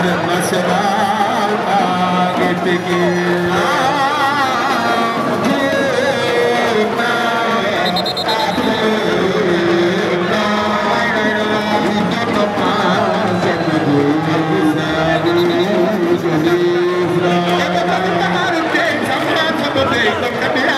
Look at me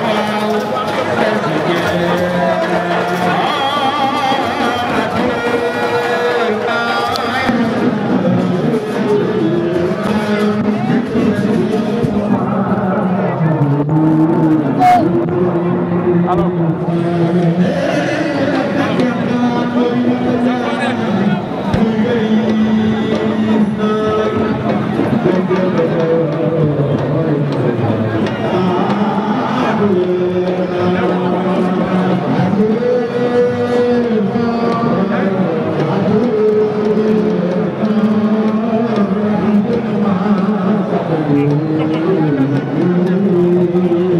Thank you.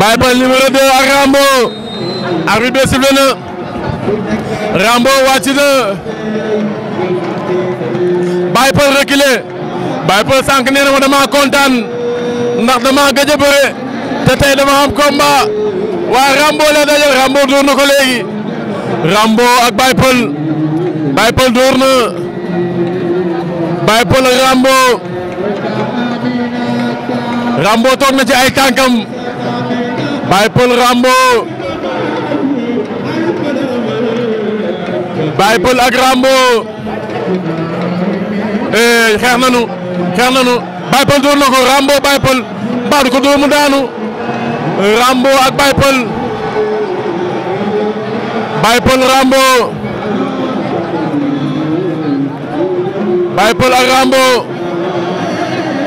Baye Peul numéro 2 ak Rambo arbitre bi sifflé Rambo wàcc na Baye Peul reculé Baye Peul sànq nee ma kontaan ndax dama gëj a te tey dama am combat waaye Rambo la Rambo dóor na Rambo ak Baye Peul Baye Peul dóor na Baye ak Rambo Rambo toog na ci ay tànkam. Baye Peul Rambo Baye Peul ak Rambo eh, xeex nanu xeex nanu Baye Peul door na ko Rambo Baye Peul mbaa du ko dóor mu daanu Rambo ak Baye Peul Baye Peul Rambo Baye Peul ak Rambo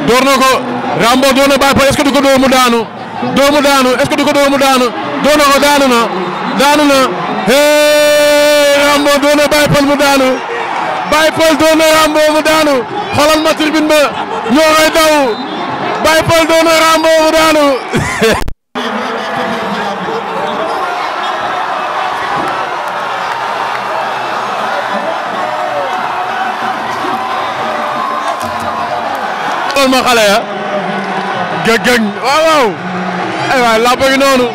door na ko Rambo door na Baye Peul est-ce que du ko dóor mu daanu. doomu daanu est-ce que du ko doomu daanu doon na ko daanu na daanu na hee Rambo doon na Baye Peul mu daanu Baye Peul doon na Rambo mu daanu xoolal ma tribune ba ñoo ngay daw Baye Peul doon na Rambo mu daanu. xoolal ma xale ya gëgëng waaw waaw. ay waay làmb gi noonu